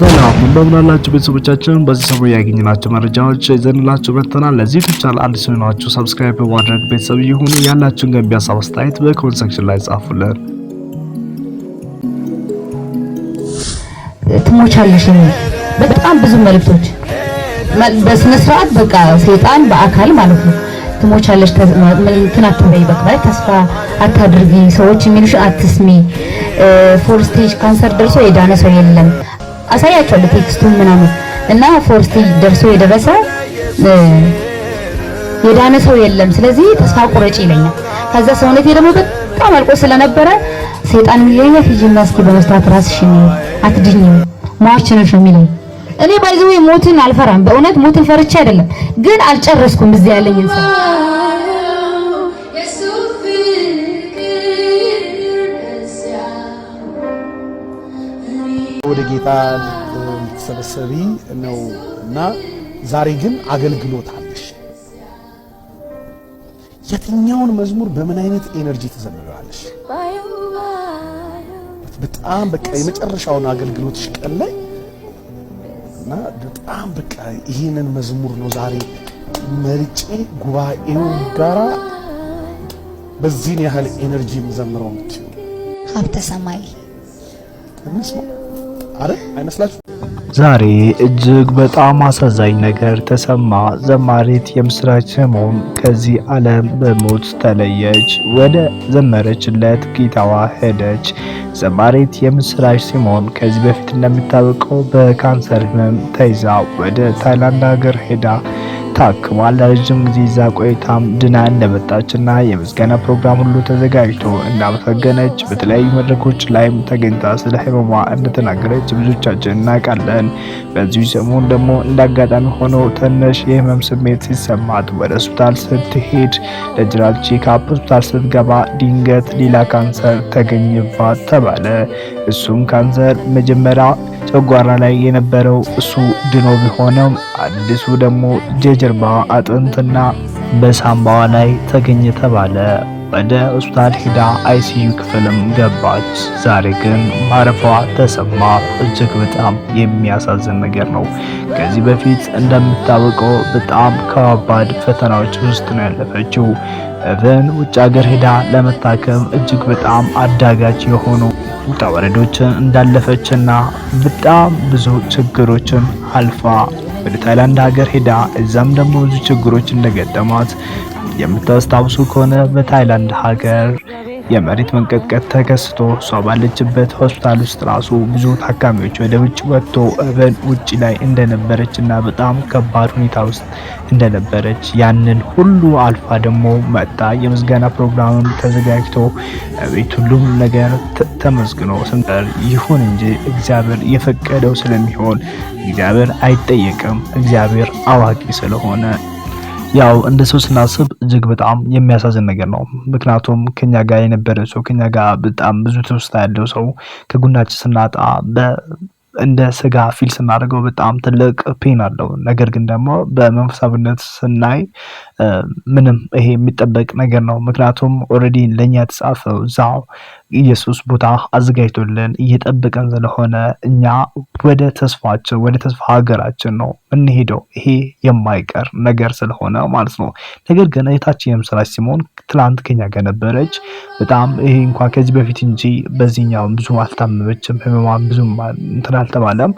ሰላም እንደምናላችሁ ቤተሰቦቻችን፣ በዚህ ሰሞን ያገኘናቸው መረጃዎች ይዘንላችሁ መጥተናል። ለዚህ ቻናል አዲስ የሆናችሁ ሰብስክራይብ በማድረግ ቤተሰብ ያላችሁን ገንቢ ሀሳብ አስተያየት በኮሜንት ሴክሽን ላይ ጻፉልን። ትሞቻለሽ የሚል በጣም ብዙ መልእክቶች በስነ ስርዓት በቃ ሴጣን በአካል ማለት ነው። ትሞቻለሽ እንትን አትበይ፣ በቃ ተስፋ አታድርጊ፣ ሰዎች የሚሉሽ አትስሚ፣ ፎር ስቴጅ ካንሰር ደርሶ የዳነ ሰው የለም አሳያቸዋለሁ ቴክስቱን ምናምን እና ፎር ደርሶ የደረሰ የዳነ ሰው የለም፣ ስለዚህ ተስፋ ቁረጭ ይለኛል። ከዛ ሰውነቴ ደግሞ በጣም አልቆ ስለነበረ ሰይጣን ይለኛል፣ ሂጂና እስኪ በመስታወት ራስሽን አትድኝ ሟች ነሽ የሚለኝ። እኔ ባይዘው ሞትን አልፈራም፣ በእውነት ሞትን ፈርቼ አይደለም፣ ግን አልጨረስኩም እዚህ ያለኝን ሰው ወደ ጌታ ተሰበሰቢ ነው እና ዛሬ ግን አገልግሎት አለሽ። የትኛውን መዝሙር በምን አይነት ኤነርጂ ትዘምራለሽ? በጣም በቃ የመጨረሻውን አገልግሎትሽ ቀን ላይ እና በጣም በቃ ይህንን መዝሙር ነው ዛሬ መርጬ ጉባኤው ጋራ በዚህን ያህል ኤነርጂ የምዘምረው ምት ሀብተ ሰማይ አረ አይመስላችሁ? ዛሬ እጅግ በጣም አሳዛኝ ነገር ተሰማ። ዘማሪት የምስራች ስምዖን ከዚህ ዓለም በሞት ተለየች። ወደ ዘመረችለት ጌታዋ ሄደች። ዘማሪት የምስራች ሲሞን ከዚህ በፊት እንደሚታወቀው በካንሰር ህመም ተይዛ ወደ ታይላንድ ሀገር ሄዳ ታክሟል ለረጅም ጊዜ ይዛ ቆይታም ድና እንደመጣችና የምስጋና ፕሮግራም ሁሉ ተዘጋጅቶ እንዳመሰገነች በተለያዩ መድረኮች ላይም ተገኝታ ስለ ህመሟ እንደተናገረች ብዙዎቻችን እናውቃለን። በዚሁ ሰሞን ደግሞ እንዳጋጣሚ ሆኖ ትንሽ የህመም ስሜት ሲሰማት ወደ ሆስፒታል ስትሄድ ለጀነራል ቼክአፕ ሆስፒታል ስትገባ ድንገት ሌላ ካንሰር ተገኘባት ተባለ። እሱም ካንሰር መጀመሪያ ጨጓራ ላይ የነበረው እሱ ድኖ ቢሆንም አዲሱ ደግሞ የጀርባዋ አጥንትና በሳምባዋ ላይ ተገኘ ተባለ። ወደ ሆስፒታል ሄዳ አይሲዩ ክፍልም ገባች። ዛሬ ግን ማረፏ ተሰማ። እጅግ በጣም የሚያሳዝን ነገር ነው። ከዚህ በፊት እንደምታወቀው በጣም ከባባድ ፈተናዎች ውስጥ ነው ያለፈችው። እብን ውጭ ሀገር ሄዳ ለመታከም እጅግ በጣም አዳጋች የሆኑ ውጣ ወረዶችን እንዳለፈችና በጣም ብዙ ችግሮችን አልፋ ወደ ታይላንድ ሀገር ሄዳ እዛም ደግሞ ብዙ ችግሮች እንደገጠማት የምታስታውሱ ከሆነ በታይላንድ ሀገር የመሬት መንቀጥቀጥ ተከስቶ እሷ ባለችበት ሆስፒታል ውስጥ ራሱ ብዙ ታካሚዎች ወደ ውጭ ወጥቶ እበን ውጭ ላይ እንደነበረች እና በጣም ከባድ ሁኔታ ውስጥ እንደነበረች ያንን ሁሉ አልፋ ደግሞ መጣ የምስጋና ፕሮግራምም ተዘጋጅቶ ቤት ሁሉም ነገር ተመስግኖ ስንጠር ይሁን እንጂ እግዚአብሔር የፈቀደው ስለሚሆን እግዚአብሔር አይጠየቅም። እግዚአብሔር አዋቂ ስለሆነ ያው እንደ ሰው ስናስብ እጅግ በጣም የሚያሳዝን ነገር ነው። ምክንያቱም ከኛ ጋር የነበረ ሰው ከኛ ጋር በጣም ብዙ ትውስታ ያለው ሰው ከጉናችን ስናጣ እንደ ስጋ ፊል ስናደርገው በጣም ትልቅ ፔን አለው። ነገር ግን ደግሞ በመንፈሳዊነት ስናይ ምንም ይሄ የሚጠበቅ ነገር ነው። ምክንያቱም ኦልሬዲ ለእኛ የተጻፈው እዛው ኢየሱስ ቦታ አዘጋጅቶልን እየጠበቀን ስለሆነ እኛ ወደ ተስፋችን ወደ ተስፋ ሀገራችን ነው እንሄደው። ይሄ የማይቀር ነገር ስለሆነ ማለት ነው። ነገር ግን እህታችን የምስራች ሲሆን ትላንት ከኛ ጋር ነበረች። በጣም ይሄ እንኳ ከዚህ በፊት እንጂ በዚህኛው ብዙም አልታመመችም። ህመማን ብዙም አልተባለም።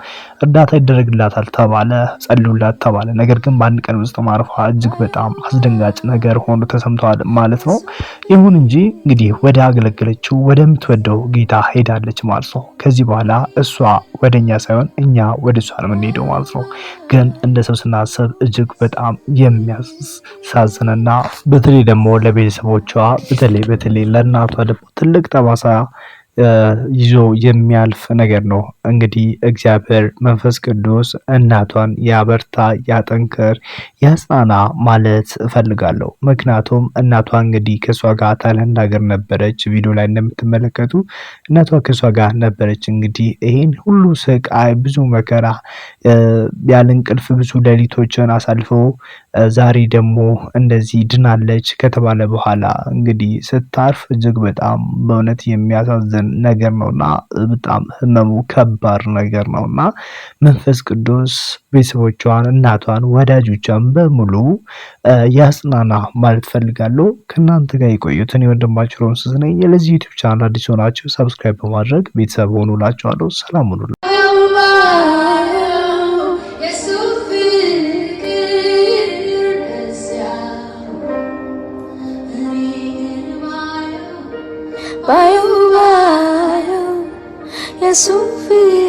እርዳታ ይደረግላታል ተባለ፣ ጸልዩላት ተባለ። ነገር ግን በአንድ ቀን ውስጥ ማረፏ እጅግ በጣም አስደንጋጭ ነገር ሆኖ ተሰምተዋል ማለት ነው። ይሁን እንጂ እንግዲህ ወደ አገለገለችው ወደምትወደው ጌታ ሄዳለች ማለት ነው። ከዚህ በኋላ እሷ ወደ እኛ ሳይሆን እኛ ወደ እሷ ነው የምንሄደው ማለት ነው። ግን እንደ ሰው ስናስብ እጅግ በጣም የሚያሳዝንና በተለይ ደግሞ ለቤተሰቦቿ በተለይ በተለይ ለእናቷ ደግሞ ትልቅ ጠባሳ ይዞ የሚያልፍ ነገር ነው። እንግዲህ እግዚአብሔር መንፈስ ቅዱስ እናቷን ያበርታ፣ ያጠንክር፣ ያጽናና ማለት እፈልጋለሁ። ምክንያቱም እናቷ እንግዲህ ከእሷ ጋር ታይላንድ ሀገር ነበረች። ቪዲዮ ላይ እንደምትመለከቱ እናቷ ከእሷ ጋር ነበረች። እንግዲህ ይህን ሁሉ ስቃይ፣ ብዙ መከራ፣ ያለ እንቅልፍ ብዙ ሌሊቶችን አሳልፈው ዛሬ ደግሞ እንደዚህ ድናለች ከተባለ በኋላ እንግዲህ ስታርፍ እጅግ በጣም በእውነት የሚያሳዝን ነገር ነውና በጣም ህመሙ ከባድ ነገር ነውና መንፈስ ቅዱስ ቤተሰቦቿን፣ እናቷን፣ ወዳጆቿን በሙሉ ያጽናና ማለት ፈልጋለሁ። ከእናንተ ጋር የቆዩትን የወንድማችሁ ሮምስስ ነኝ። የለዚህ ዩቲብ ቻናል አዲስ ሆናችሁ ሰብስክራይብ በማድረግ ቤተሰብ ሆኑላችኋለሁ። ሰላም ሁኑላ by a while, yes, we'll